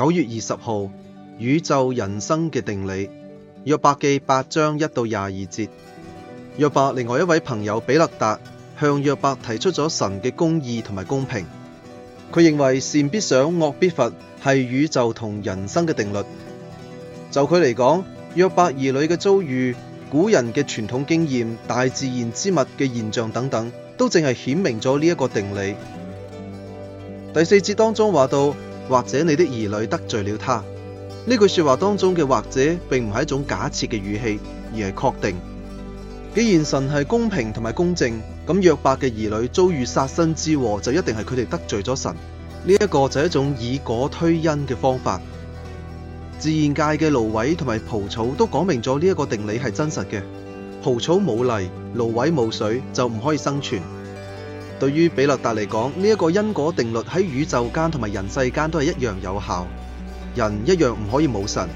九月二十號，宇宙人生嘅定理。約伯記八章一到廿二節。約伯另外一位朋友比勒達向約伯提出咗神嘅公義同埋公平。佢認為善必賞，惡必罰，係宇宙同人生嘅定律。就佢嚟講，約伯兒女嘅遭遇、古人嘅傳統經驗、大自然之物嘅現象等等，都淨係顯明咗呢一個定理。第四節當中話到。或者你的兒女得罪了他。呢句說話當中嘅或者並唔係一種假設嘅語氣，而係確定。既然神係公平同埋公正，咁約伯嘅兒女遭遇殺身之禍，就一定係佢哋得罪咗神。呢一個就係一種以果推因嘅方法。自然界嘅蘆葦同埋蒲草都講明咗呢一個定理係真實嘅。蒲草冇泥，蘆葦冇水，就唔可以生存。對於比勒達嚟講，呢一個因果定律喺宇宙間同埋人世間都係一樣有效。人一樣唔可以冇神，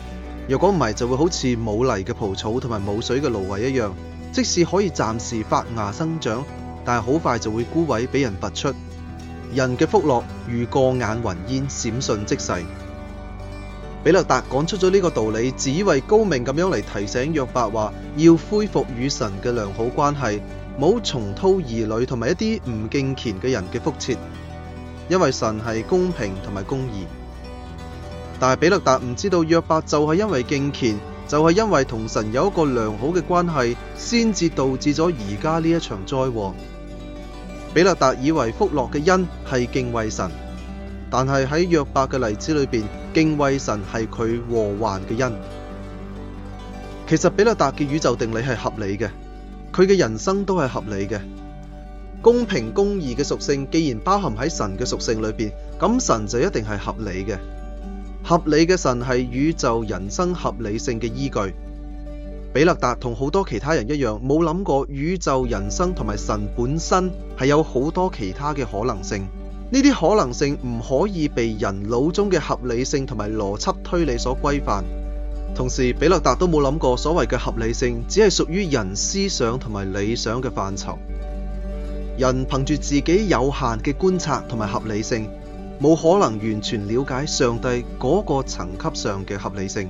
若果唔係，就會好似冇泥嘅蒲草同埋冇水嘅蘆葦一樣，即使可以暫時發芽生長，但係好快就會枯萎，俾人拔出。人嘅福樂如過眼雲煙，閃瞬即逝。比勒達講出咗呢個道理，自以為高明咁樣嚟提醒約伯話，要恢復與神嘅良好關係。冇重蹈兒女同埋一啲唔敬虔嘅人嘅覆轍，因為神係公平同埋公義。但係比勒達唔知道約伯就係因為敬虔，就係、是、因為同神有一個良好嘅關係，先至導致咗而家呢一場災禍。比勒達以為福樂嘅因係敬畏神，但係喺約伯嘅例子裏邊，敬畏神係佢禍患嘅因。其實比勒達嘅宇宙定理係合理嘅。佢嘅人生都係合理嘅，公平公義嘅屬性既然包含喺神嘅屬性裏邊，咁神就一定係合理嘅。合理嘅神係宇宙人生合理性嘅依據。比勒達同好多其他人一樣，冇諗過宇宙人生同埋神本身係有好多其他嘅可能性。呢啲可能性唔可以被人腦中嘅合理性同埋邏輯推理所規範。同時，比勒達都冇諗過所謂嘅合理性，只係屬於人思想同埋理想嘅範疇。人憑住自己有限嘅觀察同埋合理性，冇可能完全了解上帝嗰個層級上嘅合理性。